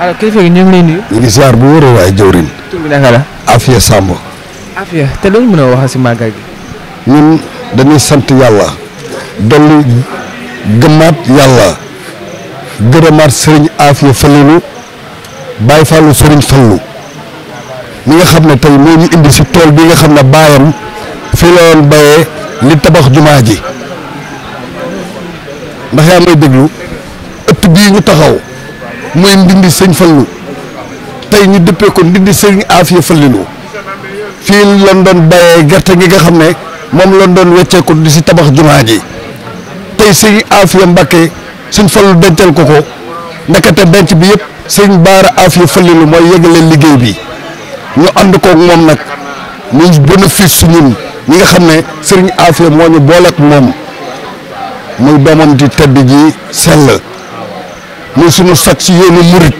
alors kilifa gi ngi lay bu wóoree waaye jëwriñ. tur bi naka la. Afia Samb. Afia te a wax si màggal gi. sant yàlla. dolli gëmmaat yàlla. gërëmaat sëriñ Afia Fallilu Baye Fallou sëriñ Fallou mi nga xam ne tey moo ñu indi si tool bi nga xam ne baayam fii la woon bayee li tabax jumaa ji ndax yaa may déglu ëtt bii ñu taxaw. mooy ndindi sëñ Fallou tey ñu dëppee ko ndindi sëñ Afia Fallilou fii lan doon bayee gerte gi nga xam ne moom lan doon wecceeku di si tabax jumaa ji tey sëñ Afia Mbacke sëñ Fallou dencal ko ko ndekete denc bi yëpp sëñ Baara Afia Fallilou mooy yëgale liggéey bi ñu ànd koog moom nag muy bénéfice su ñun ñi nga xam ne sëriñ Afia moo ñu booleeg moom muy doomam di tedd ji sell. muy suñu sag si yoonu murit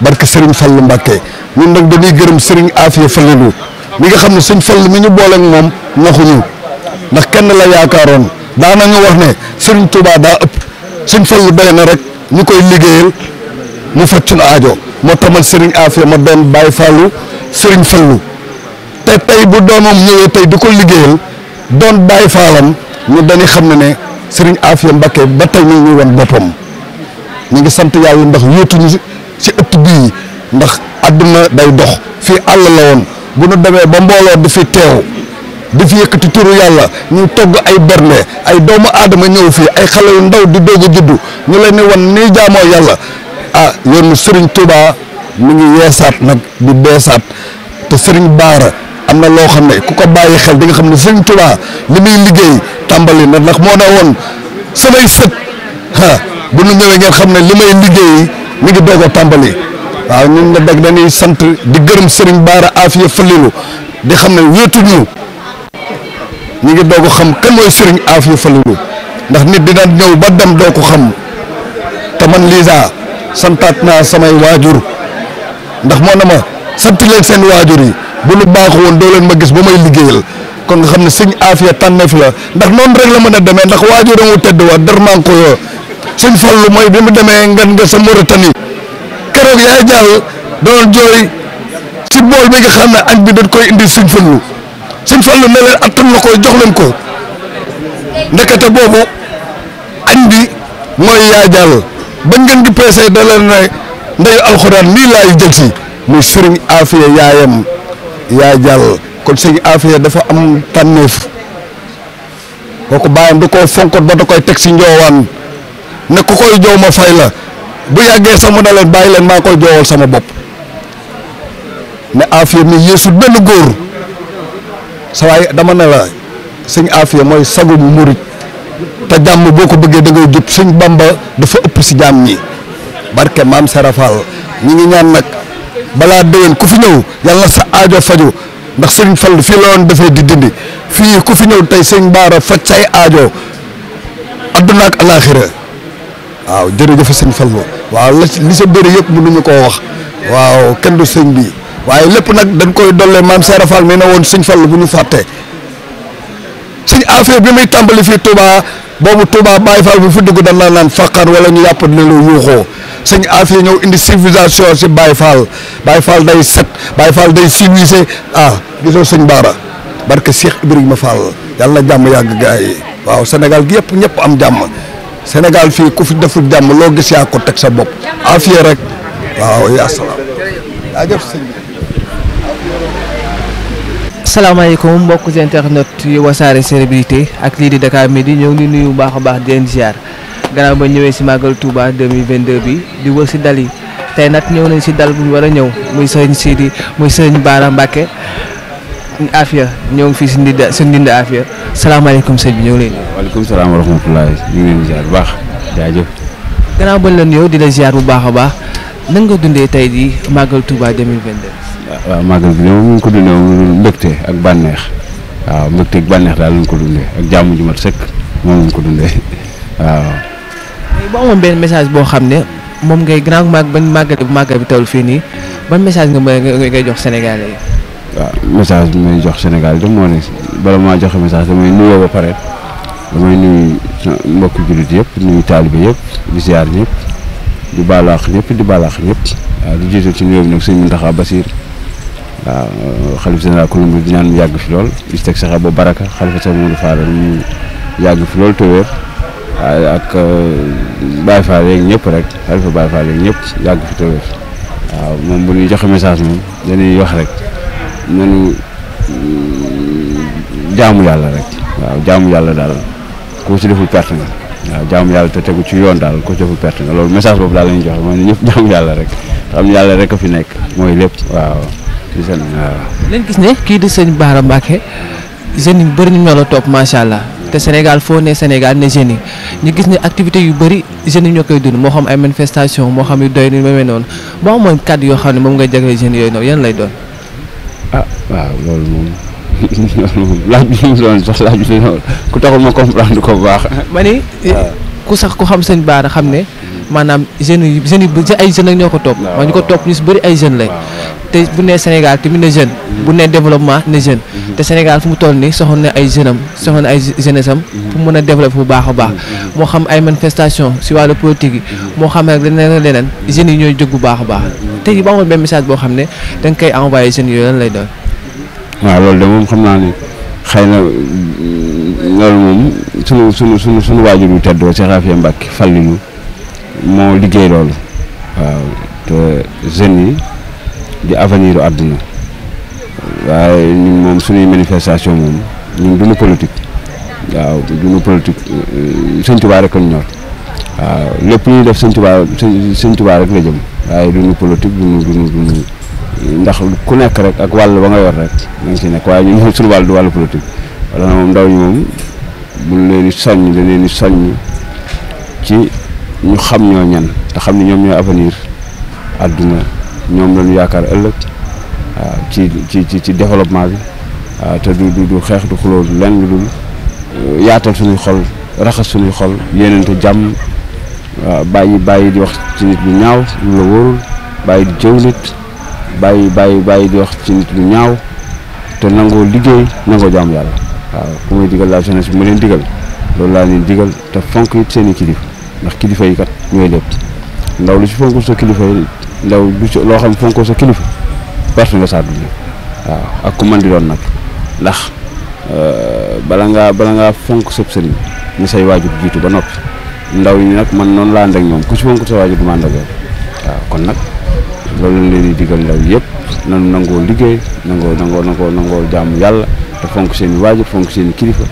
barke Serigne Fallou Mbacké ñun nag dañuy gërëm Serigne Afia Fallou mi nga xam ne sëñ Fallou mi ñu booleeg moom naxuñu kenn la yaakaaroon daana nga wax ne Serigne Touba daa ëpp sëñ Fallou doy na rek ñu koy liggéeyal mu faj sunu aajo moo tamal Serigne Afia ma doon Baye Fallou Serigne Fallou te bu doomam tey di ko liggéeyal doon Baye Fallam ñu dañuy xam ne ne Serigne Afia Mbacké ba tey ñu ngi woon boppam. ñu ngi sant yàlla ndax wéetuñu si ëtt bii ndax àdduna day dox fii àll la woon bu nu demee ba mbooloo di fi teew di fi yëkkati turu yàlla ñu togg ay berne ay doomu aadama ñëw fii ay xale yu ndaw di doog a juddu ñu leen ni wan nii jaamoo yàlla ah yoonu sëriñ Touba mu ngi yeesaat nag di beesaat te Serigne Baara am na loo xam ne ku ko bàyyi xel di nga xam ne Serigne Touba li muy liggéey tàmbali na ndax moo ne woon samay sët bu nu ñëwee ngeen xam ne li may liggéey mi ngi doog a tàmbali waaw ñun nga dag dañuy sant di gërëm sëriñ Baara Afia Fallilu di xam ne wéetuñu ñu ngi doog xam kan mooy Serigne Afia Fallilu ndax nit dina ñëw ba dem doo ko xam te man Lisa santaat naa samay waajur ndax moo na ma sant leen seen waajur yi bu lu baax woon doo leen ma gis ba may liggéeyal kon nga xam ne sëñ Afia tànneef la ndax noonu rek la mën a demee ndax waajur amu tedd wa darman ko sëñ Fallu mooy bi mu demee ngan nga sa Mauritanie keroog yaay jàll doon jooy si bool bi nga xam ne añ bi dañ koy indi sëñ Fallu sëñ Fallu ne leen attan na ko jox leen ko ndekete boobu añ bi mooy yaay jàll ba ngeen di peesee da leen ne ndeyu alxuraan lii laay jël si muy sëriñ Afiya yaayam yaay jàll kon sëriñ Afiya dafa am tànneef kooku bàyyam da koo fonkoon ba da koy teg si njoowaan ne ku koy joow ma fay la bu yàggee sama na leen bàyyi leen maa koy joowal sama bopp ne Afia mi yéesul benn góor sa waay dama ne la sëñ Afia mooy sagu murit te jàmm boo ko bëggee da ngay jub sëñ Bamba dafa ëpp si jàmm ñi barke maam Serafal ñi ngi ñaan nag balaa déwén ku fi ñëw yàlla sa aajo faju ndax sëñ Fall fii la woon dafay di dindi fii ku fi ñëw tey sëñ Baara faj say aajo adduna ak alaaxira waaw jërëjëf sëñ Fallou waaw li sa bëri yëpp mënuñu koo wax waaw kenn du sëñ bi waaye lépp nag dañ koy dollee maam Serap Fall mi na woon sëñ Fallou bu ñu fàttee suñ affaire bi muy tàmbali fii Touba boobu Touba Baye Fall bu fi dugg dañ naan faqar wala ñu yàpp ne yuuxoo sëñ affaire ñëw indi civilisation si Baye Fall Baye Fall day set Baye Fall day civilisé ah gisoo sëñ Baara barke Cheikh Ibrahima Fall yàlla na jàmm yàgg gaay yi waaw Sénégal gi yëpp ñëpp am jàmm. Sénégal fii ku fi deful jàmm loo gis yaa ko teg sa bopp afiya rek waaw yaa salaam jaajëf sëñ bi salaamaaleykum mbokk internet yu wasaare célébrité ak lii di Dakar Midi ñëw ngi nuyu bu baax a baax di leen ziar gannaaw ba ñëwee si màggal Touba 2022 bi di wër si dal yi tey nag ñëw nañ si dal bu ñu war a ñëw muy sëñ Sidi muy sëñ Baara Mbacke Afia ñoo ngi fii si ndinda si ndinda Afia salaamaaleykum sëñ bi ñoo ngi lay nuyu. waaleykum salaam wa rahmatulah ñu ngi ziar bu baax jaajëf. gannaaw bañ la nuyoo di la ziar bu baax a baax nan nga dundee tey di màggal Touba 2022. waaw màggal bi moom mu ko dundee ak bànneex waaw mbégte ak daal lañ ko dundee ak jàmm ju mat sëkk moom ko dundee waaw. boo message boo xam ne moom ngay gannaaw mag bañ màggal bi bi tawul fii nii ba message nga ngay jox Sénégalais yi. waaw message bi may jox Sénégal de moo damay nuyoo ba pare damay nuyu mbokk jullit yëpp nuyu taalibe yëpp di ziar ñëpp di baalaax ñëpp di baalaax ñëpp waaw di jiital ci nuyoo bi nag sëñ Mountakha Bassir waaw xalif général Kolombi di ñaan yàgg fi lool di teg saxe ba baraka xalifa sax Modou Fadal mu yàgg fi lool te wér waaw ak euh, Baye Fall yeeg ñëpp rek xalifa Baye Fall yeeg ñëpp yàgg fi te waaw moom bu ñuy joxe message moom dañuy wax rek. nanu mm, jaamu yàlla rek waaw jaamu yàlla daal ku ci deful perte nga waaw jaamu yàlla te tegu ci yoon daal ku ci deful perte nga loolu message boobu daal la ñuy joxe mooy ne ñëpp jaamu yàlla rek xam yàlla rek a fi nekk mooy lépp waaw ci seen waaw. leen gis ne kii di sëñ Bara Mbacké jeunes yi bëri ñu ñoo la topp macha allah te Sénégal foo ne Sénégal ne jeunes yi ñu gis ne activité yu bëri jeunes yi ñoo koy dund moo xam ay manifestation moo xam yu doy ni mu mel noonu boo amoon kàddu yoo xam ne moom yan lay doon. ah waaw loolu moom loolu moom laaj bi mu doon sax laaj bi noonu ku taxul ma comprendre ko bu baax. ma ni ah. eh, ku sax ku xam sëñ Bara xam ne hmm. maanaam jeunes yi jeunes yi ay jeunes ak ñoo ko topp. waaw ñu ko topp ñu si bëri ay jeunes lañ. te bu nee Sénégal tamit na jeune. bu nee développement na jeune. Mhm. te Sénégal fu mu toll nii soxla na ay jeunes am soxla na ay jeunes am. Mhm. pour mën a développer bu baax a baax. Mhm. moo xam ay manifestation si wàllu politique yi. moo xam rek leneen ak leneen jeunes yi ñooy jóg bu baax a baax. tey jii ba amoon benn message boo xam ne da koy envoyé jeunes yooyu lay doon. waaw loolu de moom xam naa ne xëy na mm, loolu moom sunu sunu sunu sunu waajur wu teddoo Cheikh Afia Mbacke Fallilu moo liggéey loolu waaw te jeunes yi. di avenir àdduna waaye ñun moom suñuy manifestation moom ñun duñu politique waaw duñu politique euh, sëñ Tuubaa rek lañ ñor waaw lépp lu ñuy def sëñ Tuubaa sëñ Tuubaa rek la jëm waaye duñu politique duñu duñu ndax ku nekk rek ak wàll ba nga yor rek da nga ci nekk waaye ñun suñu wàll du wàllu politique wala moom ndaw ñi moom buñ leen di soññ dañ ci ñu xam ñoo ñan te xam ni ñoom ñoo avenir àdduna ñoom lañu yaakaar ëllëg waaw ah, ci ci ci développement bi waaw ah, te du du du xeex du xuloo lenn lu dul euh, yaatal suñuy xol raxas suñuy xol yéeneente jàmm waaw ah, bàyyi bàyyi di wax ci nit lu ñaaw lu la wóorul bàyyi di bàyyi di wax ci nit lu ñaaw te nangoo liggéey nangoo jaamu yàlla waaw ku muy digal la jeunesse bi mu leen digal loolu laa leen digal te fonk it seen i kilifa ndax kilifa yi kat ñooy lépp ndaw lu ci fonkul sa kilifa yi ndaw du ci loo xam fonkoo sa kilifa perte nga sa àdduna waaw ak ku mën di doon nag ndax euh, bala ngaa bala ngaa fonk sëb sëriñ ni say waajur jiitu ba noppi ndaw yi nag man noonu laa ànd ñoom ku ci fonk sa waajur du ma ànd waaw kon nag loolu leen di digal ndaw yëpp nanu nangoo liggéey nangoo nangoo nangoo nangoo jaamu yàlla te fonk seen i waajur fonk seen kilifa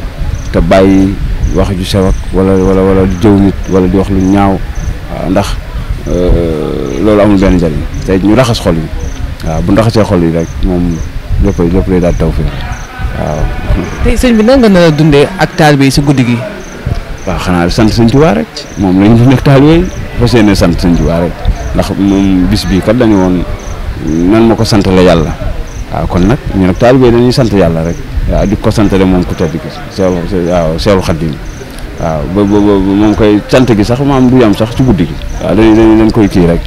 te bàyyi wax ju sew ak wala wala wala di jëw nit wala di wax lu ñaaw waaw ndax Euh, loolu amul benn njëriñ te ñu raxas xol yi waaw bu raxasee xol yi rek moom léppay lépp lay daal taw fi waaw. tey sëñ bi nan nga nar dundee ak taalibe si guddi gi. waaw xanaa sant sëñ Tuubaa rek moom la ñu fi nekk taalibe sant sëñ Tuubaa rek ndax moom bis bii kat dañu woon nan ma ko sant la yàlla kon nag ñu nag taalibe dañuy sant yàlla rek waaw di ko santale moom ku tedd ki waaw Seexul waaw ba ba moom koy sant gi sax maam du yam sax ci guddi gi waaw dañuy koy kii rek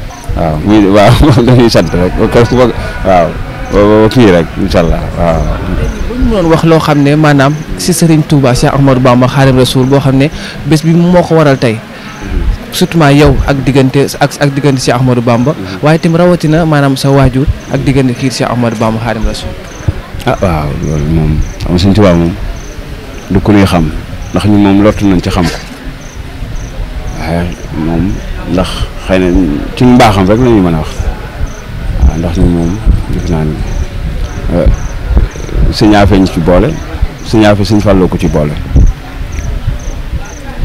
waaw sant rek waaw ba kii rek incha allah waaw. bu ñu wax loo xam ne maanaam si Serigne Touba Cheikh Ahmadou Bamba Khadim Rasoul boo xam ne bés bi moo ko waral tey. surtout yow ak diggante ak ak diggante Cheikh Ahmadou Bamba waaye itam rawatina maanaam sa waajur ak diggante kii Cheikh Ahmadou Bamba Khadim Rasoul. ah waaw moom xam nga Serigne moom du ku ñuy xam. ndax ñu moom lottu nañ ci xam ko waaye moom ndax xëy na ci mbaaxam rek la mën a wax ndax ñu moom gis naa ni euh, ñu ci boole sëñ Afe sëñ Falloo ko ci boole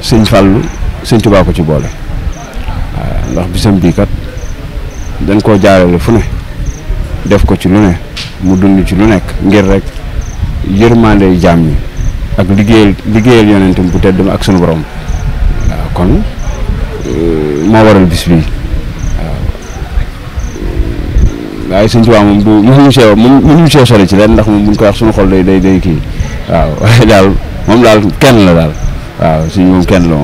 sëñ Fallu sëñ Tuubaa ko ci boole waaw ndax bisam bii kat dañ koo jaarale fu ne def ko ci lu ne mu dund ci lu nekk ngir rek yërmande jaam ñi ak liggéeyal liggéeyal yonentam bu tedd ma ak sunu borom waaw kon euh, moo waral bis bi waaw waaye Sëñ Tuubaa moom du mënuñu see ci leen ndax moom buñ ko wax sunu xol day day day kii waaw waaye daal moom daal kenn la daal waaw kenn la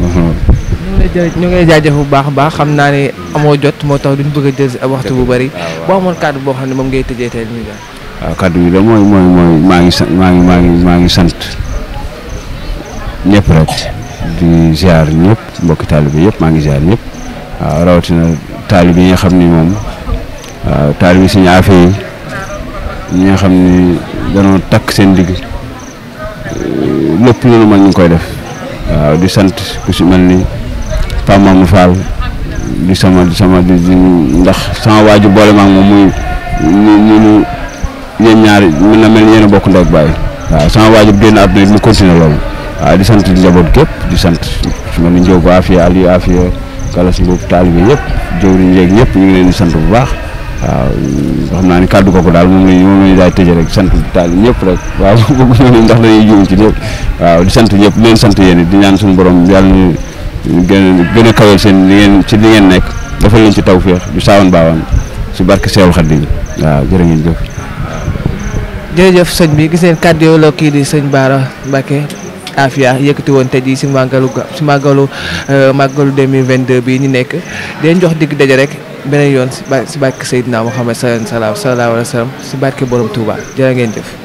ñu ngi lay jaajëf bu baax a baax xam naa ne amoo jot moo tax duñ bëgg a jël waxtu bu bari boo amoon kàddu boo xam ne moom ngay tëjee tey ñu waaw kàddu yi mooy mooy mooy maa ngi sant maa ngi maa ngi maa ngi sant ñëpp rek di ziar ñëpp mbokki taalibe yëpp maa ngi ziar ñëpp waaw rawatina taalibe yi nga xam ni moom waaw taalibe suñu affaire yi ñi nga xam ni danoo takk seen digg eh, lépp lu nu ñu koy def waaw di sant ku si ni Pape Mamadou Fall di sama sama di ndax sama waaju boole maag moom muy ñu ñu yéen ñaar mën na mel ni yéen a bokk ndey ak baay waaw sama waajur génn àdduna mu continuer loolu waaw di sant njaboot gépp di sant su ma ni njëw ba afiya aliou afiya galas mboobu taalibe yëpp jëwriñ ñëpp ñu ngi leen di sant bu baax waaw xam naa ni kàddu kooku daal moom lañ moom lañu rek sant taal ñëpp rek waaw bëgg nañu ndax dañuy juum ci ñëpp waaw di ñëpp leen sant yéen di ñaan suñu borom yàlla ñu gën a gën a ngeen ci li nekk dafa leen ci taw tawféex du saawan baawaan si barke Seexul Xadiim waaw jërë ngeen jërëjëf sëñ bi gisee ngeen kii di sëñ Bara Mbacké Afia yëkkati woon tey jii si màggalu si màggalu euh, màggalu 2022 bii ñu nekk den jox digg daje rek beneen yoon si barke Seydina Mouhamed sallallahu alayhi wa sallam si barke borom Touba jërë ngeen jëf.